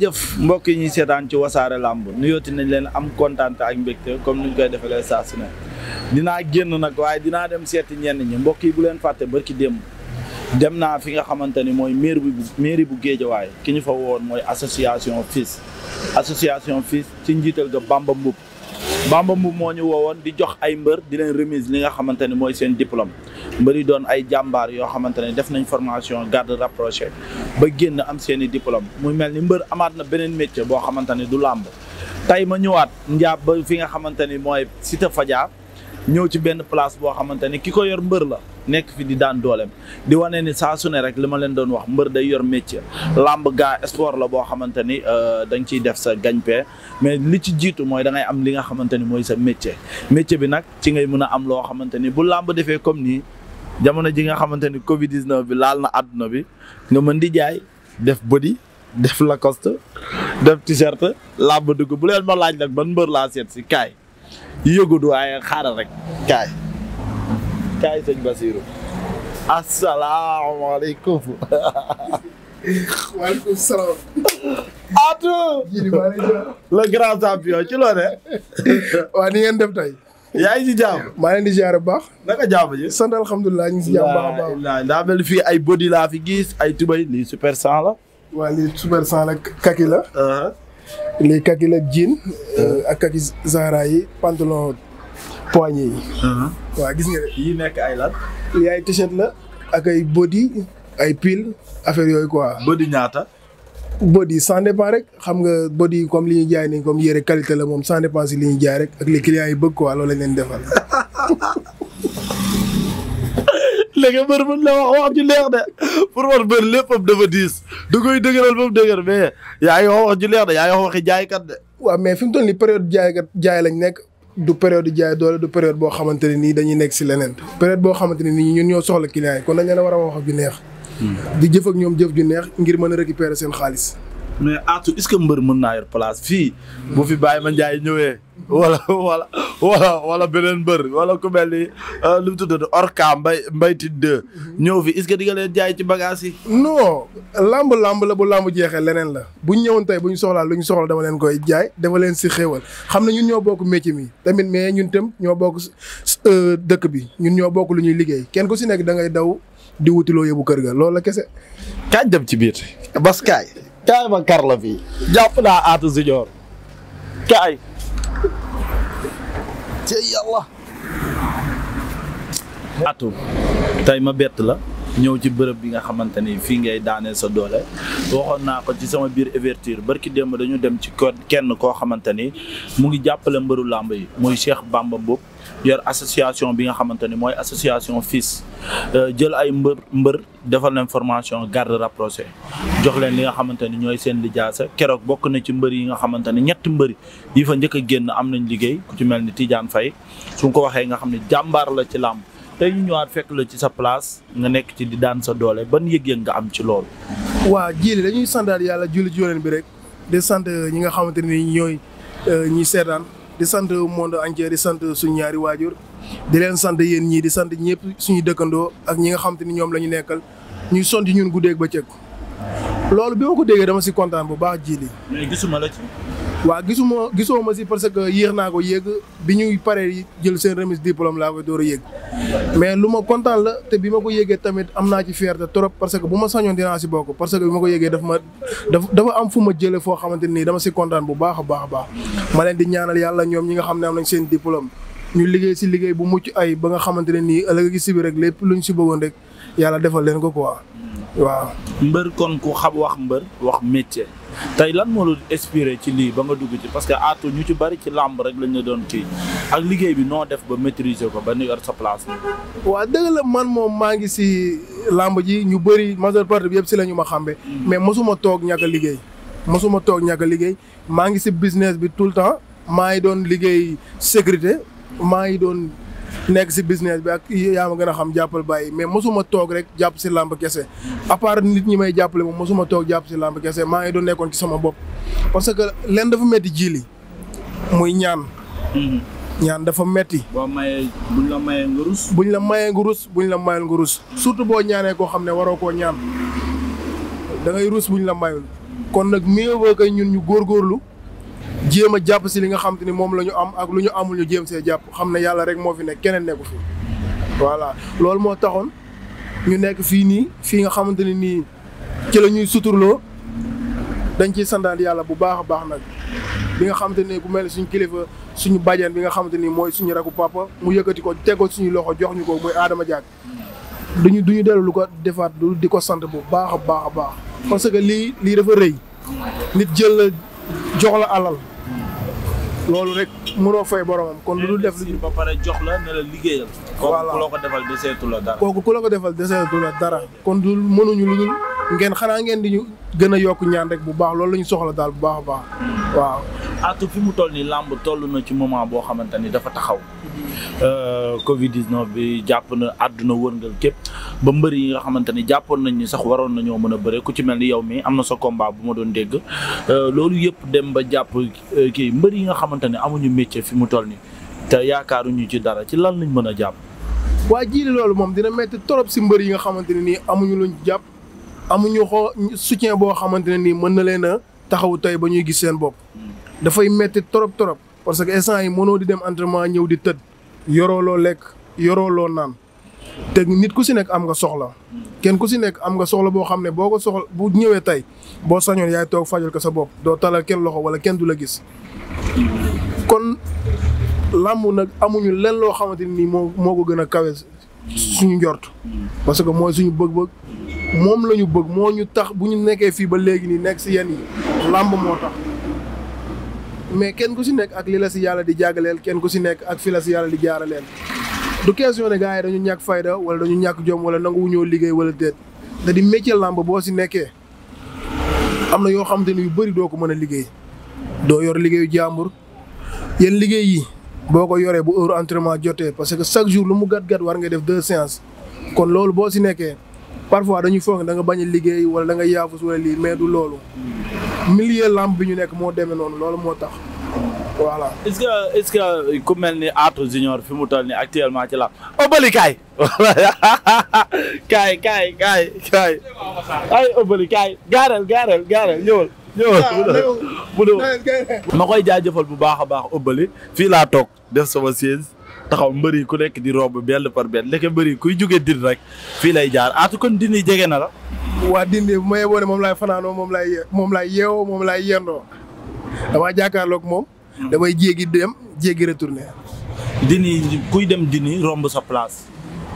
jëf mbokk yi ñuy seetaan ci wasaare làmb nuyooti nañ leen am kontaan ak mbégte comme ni ñu koy defalee saa su ne dinaa génn nag waaye dinaa dem seeti ñenn ñi mbokk yi bu leen fàtte barki démb dem naa fi nga xamante ni mooy maire bu maire bu Géejawaay ki ñu fa woon mooy association FILS association FILS ci njiital ga Bamba Mbub Bamba Mbuub moo ñu woowoon di jox ay mbër di leen remise li nga xamante ne mooy seen diplôme mbëri doon ay jàmbaar yoo xamante ne def nañ formation garde rapproché ba génn am seen i diplôme muy mel ni mbër amaat na beneen métier boo xamante ne du làmb tey ma ñëwaat njaab fi nga xamante ni mooy Cité Fadia ñëw ci benn place boo xamante ni ki ko yor mbër la nekk fi di daan dooleem di wane ni saa sune rek li ma leen doon wax mbër day yor métier làmb gaa sport la boo xamante ni euh, da nga ciy def sa gagne mais li ci jiitu mooy da ngay am li nga xamante ni mooy sa métier métier bi nag ci ngay mën a am loo xamante ni bu làmb defee comme nii jamono ji nga xamante ni Covid 19 bi laal na àdduna bi nga mën di jaay def body def Lacoste def t-shirt làmb dugg bu leen ma laaj nag ban mbër laa seet si kaay yëgu du waaye xaaral rek kaay. kaay sëñ Basiru asalaamaaleykum. waaleykum salaam. Atou. le grand champion ci loo ne. waa ni ngeen def tey. yaa ngi ci jàmm. maa leen di ziar bu baax. naka jàmm ji. sant alhamdulilah ñu si jàmm baax baax. daa mel fii ay body laa fi gis ay tubay lii super sang la. waa lii super sang kaki la. Uh-huh. lii kaki la jean. Uh, ak kaki zara yi pantalon. poignée yi. Uh-huh. waaw gis nga de. nekk ay lan. lii ay t-shirt la ak ay body ay pil affaire yooyu quoi. body ñaata. body sans dépend rek xam nga yi comme li ñu jaay nii comme yére qualité la moom sans dépend si li ñu jaay rek ak li clients yi bëgg quoi loolu lañ leen defal. léegi mbër mën la wax wax ju leer de pour man mbër léppam dafa diis da koy dëgëral ba mu dëgër mais yaa ngi wax wax ju leer de yaa ngi wax waxi jaaykat de. waaw mais fi mu toll nii période jaaykat jaay lañ nekk. du période jaay doole du période boo xamante ne nii dañuy nekk si leneen période boo xamante ne nii ñun ñoo soxla client yi kon dañ leen war a wax ju neex. Hmm. di jëf ak ñoom jëf ju neex ngir mën a récupérer seen xaalis. mais Atou est-ce que mbër mën naa yor place fii bu fi Baye Mandiaye ñëwee wala walla wala wala beneen mbër wala ku mel euh, lu mu tuddati Orka mbay mbayti 2 mhm. ñëw fii est-ce que di nga leen jaay ci bagage yi. non lamb lamb la bu lamb jeexee leneen la bu ñu ñëwoon tey bu ñu soxlaa lu ñu soxla dama leen koy jaay dafa leen si xéewal xam na ñun ñoo bokk métier mi tamit mais ñun tam ñoo bokk euh, dëkk bi ñun ñoo bokk lu ñuy liggéey kenn ku si nekk dangay daw di wutiloo yóbbu kër ga loolu kese. kaaj dem ci biir bas kaay ma kar la fii jàpp naa Aatu Junior kaay ci yàlla Aatu tey ma bett la ñëw ci bërëb bi nga xamante ni fii ngay daanee sa doole waxoon naa ko ci sama biir ouverture barki démb dañu dem ci kenn koo xamante ni mu ngi jàppale mbëru làmb yi muy Cheikh Bamba Mboup yor association bi nga xamante ni mooy association FILS euh, jël ay mbër mbër defal leen formation garde rapproché jox leen li nga xamante ni ñooy seen lijaasa keroog bokk na ci mbër yi nga xamante ni ñetti mbër yi fa njëkk a génn am nañ liggéey ku ci mel ni tiijaan Faye su ko waxee nga xam ne jàmbaar la ci làmb tey ñu ñëwaat fekk la ci sa place nga nekk ci di daan sa doole ban yëg-yëg nga am ci loolu. waa jili dañuy santaat yàlla julli ci yoneen bi rek di sant ñi nga xamante ne ñooy euh, ñi seetaan di sant monde entier di sant suñu ñaari waajur di leen sant yéen ñii di sant ñëpp suñu dëkkandoo ak ñi nga xamante ni ñoom la ñu nekkal ñuy sonti ñun guddeeg bëccëg loolu bi ma ko déggee dama si kontaan bu baax jili mais gisuma la ci. waaw gisuma gisoo ma si parce que yéex naa ko yéeg bi ñuy paree jël seen remise diplôme laa koy door a yéeg mais lu ma kontaan la te bi ma ko yéegee tamit am naa ci fierté trop parce que bu ma sañoon dinaa si bokk parce que bi ma ko yéegee daf ma dafa am fu ma jëlee foo xamante nii dama si kontaan bu baax a baax a baax ma leen di ñaanal yàlla ñoom ñi nga xam ne am nañ seen diplôme ñu liggéey si liggéey bu mucc ay ba nga xamante ne nii ëllëg gi sibi rek lépp luñ si bëggoon rek yàlla defal leen ko quoi waaw. mbër kon ku xam wax mbër wax métier. tey lan moo la inspiré ci lii ba nga dugg ci parce que aatu ñu ci bari ci làmb rek lañu la doon kii ak liggéey bi noo def ba maîtriser ko ba ni yor sa place bi. dëgg la man moom maa ngi si làmb ji ñu bëri majeure partie bi yëpp si la ñu ma xàmbe hmm. mais mosuma toog ñàkk liggéey. mosuma toog ñàkk liggéey maa ngi si business bi tout le temps maa ngi doon liggéey sécurité maa ngi doon. nekk si business bi ak yaa ma gën a xam jàppal bàyyi mais mosuma toog rek jàpp si làmb kese à nit ñi may jàppale moom mosuma toog jàpp si làmb kese maa ngi doon nekkoon ci sama bopp parce que leen dafa metti jiili muy ñaan mm-hmm. ñaan dafa metti boo mayee buñ la mayee nga rus buñ la mayee nga rus buñ la mayul nga mm-hmm. surtout boo ñaanee koo xam ne waroo koo ñaan dangay ngay rus buñ la mayul kon nag mieux vaut que ñun ñu góor góorlu jéem a jàpp si li nga xam te ni moom la ñu am ak lu ñu amul ñu jéem see jàpp xam ne yàlla rek moo fi nekk keneen nekku fi voilà loolu moo taxoon ñu nekk fii nii fii nga xamante ni nii ci la ñuy suturloo dañ ciy sandaat yàlla bu baax a baax nag bi nga xamante ni ku mel suñ kilifa suñu bàjjen bi nga xamante ni mooy suñu rakku papa mu yëkkati ko teg ko suñu loxo jox ñu ko muy aadama Diack duñu duñu dellu lu ko defaat du di ko sant bu baax a baax a baax parce que lii lii dafa rëy jox la alal loolu rek mënoo fay boromam kon lu dul def lu ba pare jox la ne la liggéeyal. voilà kooku ku la ko defal deseetu la dara. kooku ku la ko defal deseetu la dara kon du mënuñu lu dul ngeen xanaa ngeen di ñu gën a yokk ñaan rek bu baax loolu la soxla daal bu baax baax waaw. Atou fi mu toll nii làmb toll na ci moment boo xamante ni dafa taxaw. Euh, Covid 19 bi jàpp na àdduna wërngal képp ba mbër yi nga xamante ni jàppoon nañ ni sax waroon nañoo mën a bëre ku ci mel ni yow mi am na sa combat bu ma doon dégg euh, loolu yëpp dem ba jàpp euh, kii mbër yi nga xamante ni amuñu métier fi mu toll nii te yaakaaruñu ci dara ci lan lañ mën a jàpp. waa ji loolu moom dina métti trop si mbër yi nga xamante ne nii amuñu luñ jàpp amuñu xoo soutien boo xamante ne nii mën na leen a taxawu tey ba ñuy gis seen bopp. dafay metti trop trop parce que instant yi mënoo di dem entraînement ñëw di tëdd yoroo loo lekk yoroo loo naan te nit ku si nekk am nga soxla kenn ku si nekk am nga soxla boo xam ne boo ko soxla bu ñëwee tey boo sañoon yaay toog fajal ko sa bopp doo talal kenn loxo wala kenn du la gis kon làmb nag amuñu lenn loo xamante nii moo moo ko gën a kawe suñu njort parce que mooy suñu bëgg-bëgg moom la ñu bëgg moo ñu tax bu ñu nekkee fii ba léegi nii nekk si yenn yi làmb moo mais kenn ku si nekk ak li la si yàlla di jàggaleel kenn ku si nekk ak fi la si yàlla di jaaraleel du question ne gars yi dañu ñàkk fayda wala dañu ñàkk jom wala ñëw liggéey wala da di métier làmb boo si nekkee am na yoo xamante ni yu bëri doo ko mën a liggéey doo yor liggéeyu jàmbur yéen liggéey boo ko yoree bu heure entraînement jotee parce que chaque jour lu mu gat gàtt war nga def deux séances kon loolu boo si nekkee parfois dañu foog da nga bañ liggéey wala da nga yaafus wala lii mais du loolu millier lamb bi ñu nekk moo demee noonu loolu moo tax voilà. est ce que ku mel ni Atou Junior fi mu toll nii actuellement ci lamb oh, Obali kaay. kaay kaay kaay kaay. ay Obali kaay gaaral gaaral gaaral ñëwal. ñëwal ah, mu doon ma koy jaajëfal bu baax a baax Obali fii laa toog def sama siège. taxaw mbëri ku nekk di romb benn par benn léegi mbëri kuy jóge dir rek fii lay jaar Atou kon dini jege na la. waa dindi bu ma moom laay fanaanoo moom laay moom laay yeewoo moom laay yendoo damaa jàkkaarloog moom. damay jéegi dem jéegi retourné. dini kuy dem dini romb sa place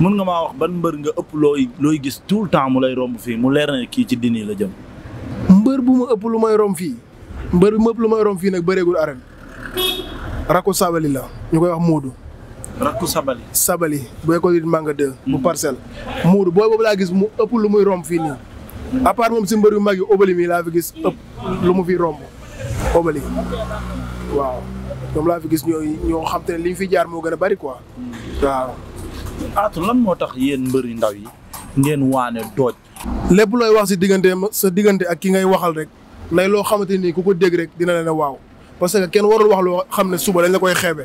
mun nga maa wax ban mbër nga ëpp looy looy gis tout le temps mu lay romb fii mu leer na kii ci dini la jëm. mbër bu ma ëpp lu may romb fii mbër bu ma ëpp lu may romb fii nag bëreegul arène. Rako Sabali la ñu koy wax Moodu. rakku Sabali. Sabali bu école it manga 2. bu hmm. parcelle. laa gis mu ëpp lu muy romb fii nii. à part moom si mbër yu mag yi obali mii laa fi gis ëpp lu mu fi romb obali waaw ñoom laa fi gis ñoo ñoo xam ne li fi jaar moo gën a bari quoi. waaw. Atou lan moo tax yéen mbër yu ndaw yi ngeen waane dooj. lépp looy wax si digganteem sa diggante ak ki ngay waxal rek nay loo xamante ni ku ko dégg rek dina leen waaw parce que kenn warul wax loo xam ne suba dañ la koy xeebe.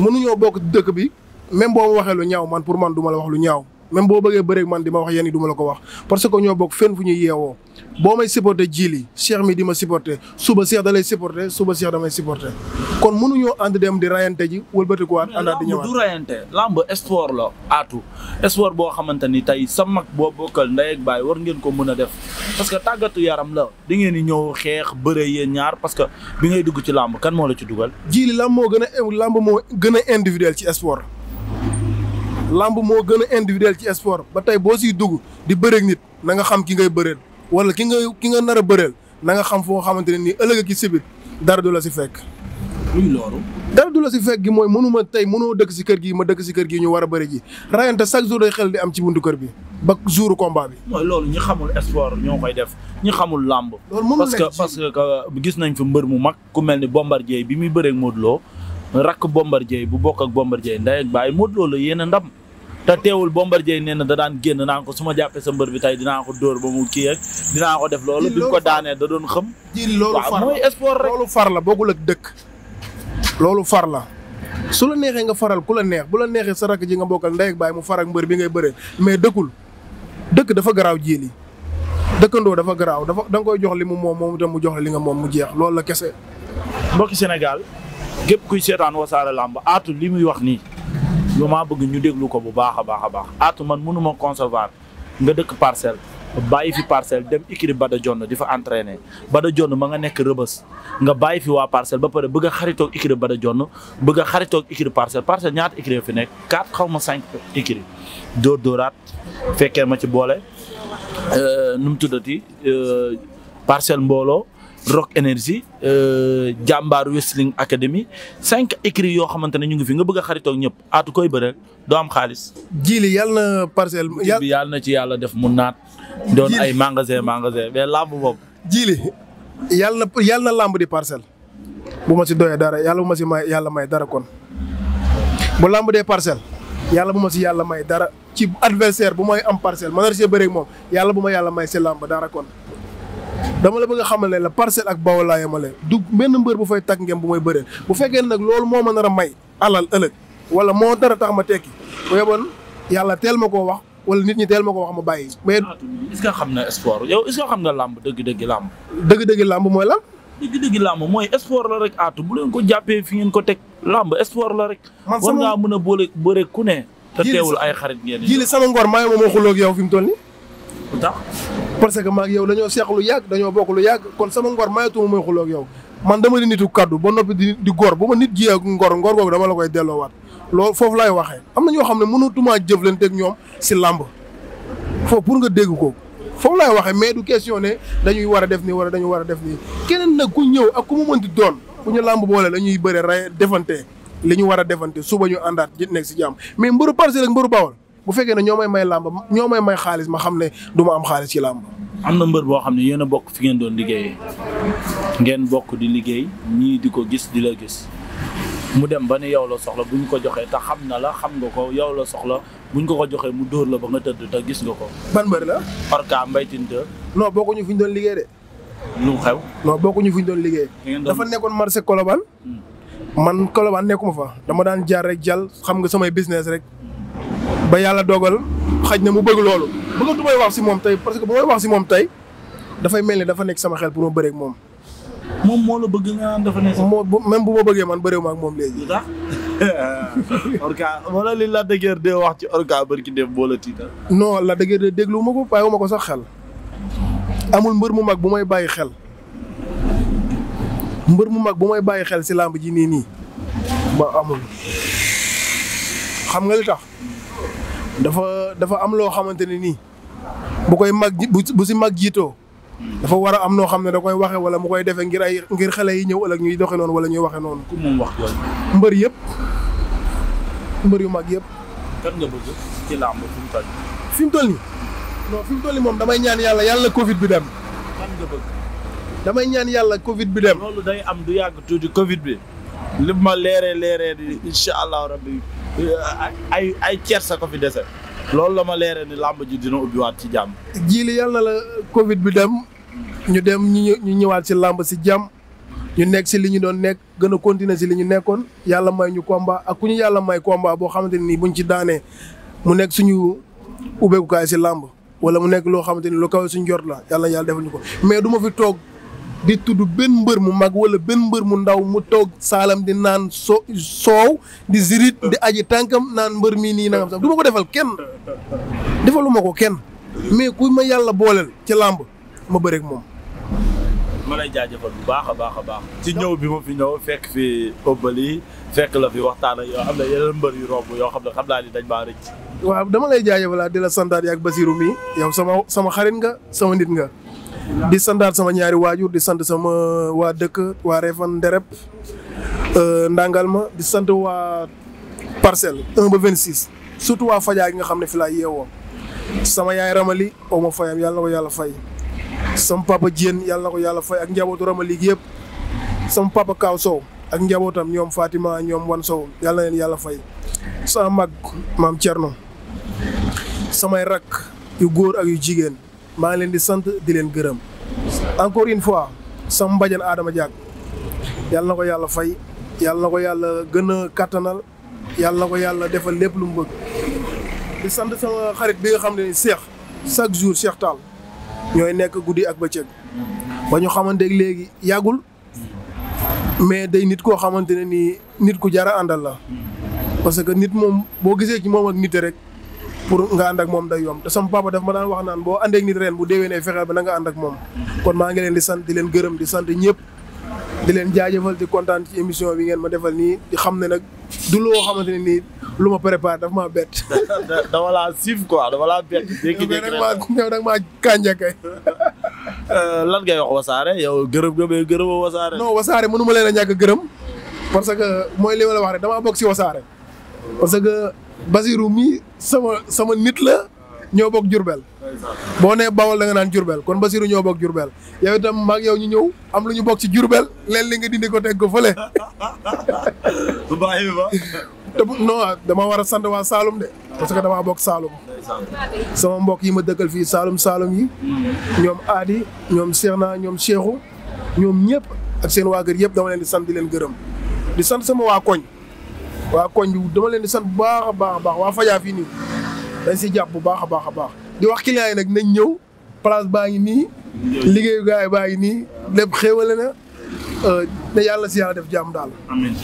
mënuñoo bokk dëkk bi même boo ma waxee lu ñaaw man pour man du ma la wax lu ñaaw même boo bëggee bëreeg man di ma wax yenn yi duma la ko wax parce que ñoo bokk fenn fu ñuy yeewoo boo may supporter jiili Cheikh mi di ma supporter suba Cheikh da lay supporter suba Cheikh damay supporter kon mënuñoo ànd dem di rayante ji wëlbatikuwaat àndaat di ñëwaat du rayante lamb sport la aatu sport boo xamante ni tey sa mag boo bokkal ndey ak baay war ngeen ko mën a def parce que tàggatu yaram la di ngeen di ñëw xeex bëre yéen ñaar parce que bi ngay dugg ci làmb kan moo la ci dugal jiili lamb moo gën a lamb moo gën a individuel ci sport làmb moo gën a individuel ci sport ba tey boo siy dugg di bëreek nit na nga xam ki ngay bëreel wala ki nga ki nga nar a bëreel na nga xam foo xamante ne nii ëllëg ki sibir dara du la si fekk. luy loolu. dara du la si fekk gi mooy mënuma tey mënoo dëkk si kër gi ma dëkk si kër gi ñu war a bëri ji rayante chaque jour day xel di am ci buntu kër bi ba jour combat bi. mooy loolu ñu xamul sport ñoo koy def ñu xamul làmb. loolu parce que parce gis nañ fi mbër mu mag ku mel ni Bombardier bi muy bëreeg Modou Lo rakk Bombardier bu bokk ak Bombardier ndey ak baay Modou Lo la yéen ndam. te teewul Bombardier nee na da daan génn naan ko su ma jàppee sa mbër bi tey dinaa ko dóor ba mu kii ak dinaa ko def loolu. bi mu ko daanee da doon xëm. ji loolu far la waaw ak dëkk. loolu far la su la neexee nga faral ku la neex bu la neexee sa rakk ji nga bokkal ndey ak baay mu farak mbër bi ngay bëree mais dëkkul dëkk dafa garaaw jéeli dëkkandoo dafa garaaw dafa da nga koy jox li mu moom moom itam mu jox li nga moom mu jeex loolu la kese. mbokki Sénégal képp kuy seetaan wasaare làmba aatu li muy wax nii lu maa bëgg ñu déglu ko bu baax a baax a baax aatu man mënuma concevoir nga dëkk parcelle bàyyi fi parcelle dem ikiri Bada Jonn di fa entraîner Bada Jonn ma nga nekk rëbës nga bàyyi fi waa parcelle ba pare bëgg a xaritoog ikiri Bada Jonn bëgg a xaritoog ikiri parcelle parcelle ñaata ikiri fi nekk quatre xaw ma cinq ikiri dóor dóoraat fekkee ma ci boole euh, nu mu tuddati euh, parcelle mbooloo Rock Energy euh, Jàmbaar Wrestling Academy cinq écrits yoo xamante ne ñu ngi fi nga bëgg a xaritoog ñëpp aatu koy bëreel doo am xaalis. jiili yàlla na parcelle. yàlla na ci yàlla def mu naat. doon ay magasin magasin mais làmb boobu. jiili yàlla na làmb di parcelle. bu ma si doyee dara yàlla bu ma si may yàlla may dara kon bu làmb dee parcelle yàlla bu ma si yàlla may dara ci adversaire bu may am parcelle ma nar see bëreeg moom yàlla bu ma yàlla may si làmb dara kon. dama la bëgg a xamal ne la parcelle ak bawol laa yemale dugg benn mbër bu fay tag ngeen bu may bëree bu fekkee nag loolu moo ma nar a may alal ëllëg wala moo dara tax ma tekki bu yeboon yàlla teel ma koo wax wala nit ñi teel ma koo wax ma bàyyi. mais ah, est ce que xam ne espoir yow est ce xam na làmb dëgg-dëgg làmb. dëgg-dëgg làmb mooy lan. dëgg làmb mooy espoir la rek aatu bu leen ko jàppee fi ngeen ko teg làmb espoir la rek. man sama war ngaa mën a boole bëre ku ne. te teewul ay xarit ngeen. jiili sama ngor maa ngi moom xuloo yow fi mu toll nii. parce que maag yow dañoo seeq lu yàgg dañoo bokk lu kon sama ngor mayatuma muy xuloo yow man dama di nitu kaddu ba noppi di di góor bu ma nit ji ak ngor ngor googu dama koy delloowaat loolu foofu laay waxee am na ñoo xam ne mënatumaa jëflanteeg ñoom si làmb foofu pour nga dégg ko foofu laay waxee mais du question ne dañuy war a def nii wala dañuy war a def nii keneen nag ku ñëw ak ku mu mënti doon bu ñu làmb boole la ñuy bëre ray defante li ñu war a defante suba ñu àndaat nekk si jàmm mais mbëru Parcelles ak mbëru Bawol bu fekkee ne ñoo may may làmb ñoo may may xaalis ma xam ne duma am xaalis ci làmb am na mbër boo xam ne yéen a bokk fi ngeen doon liggéeyee ngeen bokk di liggéey ñii di ko gis di la gis mu dem ba ne yow la soxla bu ñu ko joxee te xam na la xam nga ko yow la soxla bu ñu ko ko joxee mu dóor la ba nga tëdd te gis nga ko. ban mbër la. Orka Mbaye Tine boo ko bokkuñu fi ñu doon liggéey de. lu xew. non bokkuñu fi ñu doon liggéey. dafa nekkoon marché Colobane. Hmm. man Colobane nekkuma fa dama daan jaar rek jàll xam nga samay business rek. ba yàlla dogal xaj na mu bëgg loolu bëggatu may wax si moom tey parce que bu wax si moom tey dafay mel ni dafa nekk sama xel pour ma bëree ak moom. moom moo la bëgg nga naan dafa nekk. moo même bu ma bëggee man bëreewuma ak moom léegi. ndax orga wala li Lac wax ci orga bërki def boo la tiital. non Lac de Guiers 2 ma ko bàyyiwu ma ko sax xel. amul mbër mu mag bu may bàyyi xel. mbër mu mag bu may bàyyi xel si làmb ji nii nii. ba amul. xam nga li tax. dafa dafa am loo xamante ne nii bu koy mag bu si mag jiitoo dafa war a am noo xam ne da koy waxee wala mu koy defee ngir ay ngir xale yi ñëw ëllëg ñuy doxe noonu wala ñuy waxe noonu. ku wax jooju. mbër yëpp mbër yu mag yëpp. kan mu toll nii. fi moom damay ñaan yàlla yàlla Covid bi dem. kan damay ñaan yàlla Covid bi dem. loolu am du yàgg tuuti Covid bi. li ma leere leeree di incha allahu rabbi. ay ay cersa ko fi se loolu la ma leeree ni làmb ji dina waat ci jàmm. jiili yàlla na la Covid bi dem ñu dem ñu ñëwaat si làmb si jàmm ñu nekk si li ñu doon nekk gën a continuer si li ñu nekkoon yàlla may ñu comba ak ku ñu yàlla may comba boo xamante ni buñ ci daanee mu nekk suñu ubbeekukaay si làmb wala mu nekk loo xamante ni lu kawe suñu la yàlla yàlla defal ñu ko du ma fi toog. di tudd benn mbër mu mag wala benn mbër mu ndaw mu toog saalam di naan so soow di zirit di aji tànkam naan mbër mii nii nangam sax du ma ko defal kenn defaluma ko kenn mais ku ma yàlla booleel ci làmb ma bëreeg moom. ma lay jaajëfal bu baax a baax a baax. ci ñëw bi ma fi ñëw fekk fi Obeuly fekk la fi waxtaan ak yoo xam ne yeneen mbër yu romb yoo xam ne xam naa ni dañ maa rëcc. waaw dama lay jaajëfalaat di la santaat ak Basirou mii yow sama sama xarit nga sama nit nga. di santaat sama ñaari waajur di sant sama waa dëkk waa Réfane Ndereb euh, ndàngal ma di sant waa parcelle 1 ba 26 surtout waa Fajaa gi nga xam ne fi laa yeewoo sama yaay ramali aw ma fayam yàlla na ko yàlla fay sama papa Diène yàlla na ko yàlla fay ak njabootu ramali gi sama Kaaw Sow ak njabootam ñoom Fatima ñoom Wan yàlla na yàlla fay sama mag maam Thierno samay rak yu góor ak yu jigéen maa ngi leen di sant di leen gërëm. encore une fois sama mbajan Adama Diack yàlla na ko yàlla fay yàlla na ko yàlla gën a kattanal yàlla na ko yàlla defal lépp lu mu bëgg. di sant sama xarit bi xam ne Cheikh chaque jour Cheikh Tall ñooy nekk guddi ak bëccëg ba ñu xamante léegi yàggul mais day nit koo xamante ne nii nit ku jara àndal la parce que nit moom boo gisee ci moom ak nit rek. pour nga ànd ak moom day yomb te sama papa daf ma daan wax naan boo àndeek nit ren bu déwénee fexeel ba na nga ànd moom kon maa ngi leen di sant di leen gërëm di sant ñëpp di leen jaajëfal di kontaan ci émission bi ngeen ma defal nii di xam ne nag du loo xamante ne nii lu ma préparé daf maa bett. dama laa siif quoi dama laa bett. jékki-jékki rek maa ñëw kànja kay. Euh, lan ngay wax wasaare yow gërëm nga mais gërëmoo wasaare. non wasaare mënuma leen a ñàkk gërëm parce que mooy li ma wax rek damaa bokk si wasaare Basirou mii sama sama nit la ñoo bokk Jurbel boo nee Bawol da naan Jurbel kon Basirou ñoo bokk Jurbel yow itam maag yow ñu ñëw am lu ñu bokk ci Jurbel leen li nga dindi ko teg ko fële. bu dama war a sant waa Saalum de parce que damaa bokk Saalum. sama mbokk yi ma dëkkal fii Saalum Saalum yi. ñoom Aadi ñoom Seexna ñoom Seexu ñoom ñëpp ak seen waa kër yëpp dama leen di sant di leen gërëm di sant sama waa koñ. waa koñ dama leen di sant bu baax a baax a baax waa Fajaa fi nii dañ si jàpp bu baax a baax a baax di wax client yi nag nañ ñëw place baa ngi nii liggéey gaay baa ngi nii lépp xéewale na euh, ne yàlla si yàlla def jàmm daal. amiin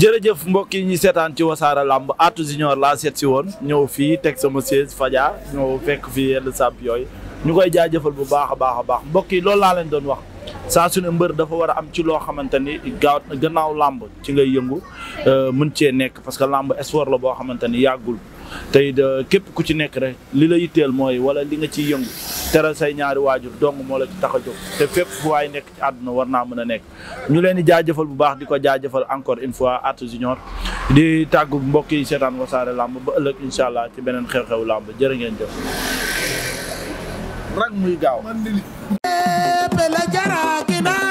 jërëjëf mbokk yi ñu seetaan ci wasaara làmb Atou Junior laa seet si woon ñëw fii teg sama siège Fadia ñëw fekk fii yenn sàmp yooyu ñu koy jaajëfal bu baax a baax a baax mbokk yi loolu laa leen doon wax. saa su ne mbër dafa war a am ci loo xamante ni gaaw gannaaw làmb ci ngay yëngu euh, mën cee nekk parce que làmb sport la boo xamante ni yàggul tey képp ku ci nekk rek li la yitteel mooy wala li nga ciy yëngu teral say ñaari waajur dong moo la tax a jóg te fépp fu waay nekk àdduna war naa mën a nekk ñu leen di jaajëfal bu baax di ko jaajëfal encore une fois Atou Junior di tàgg mbokk yi seetaan wasaare làmb ba ëllëg incha allah ci beneen xew-xew làmb jër ngeen jëf ngi naa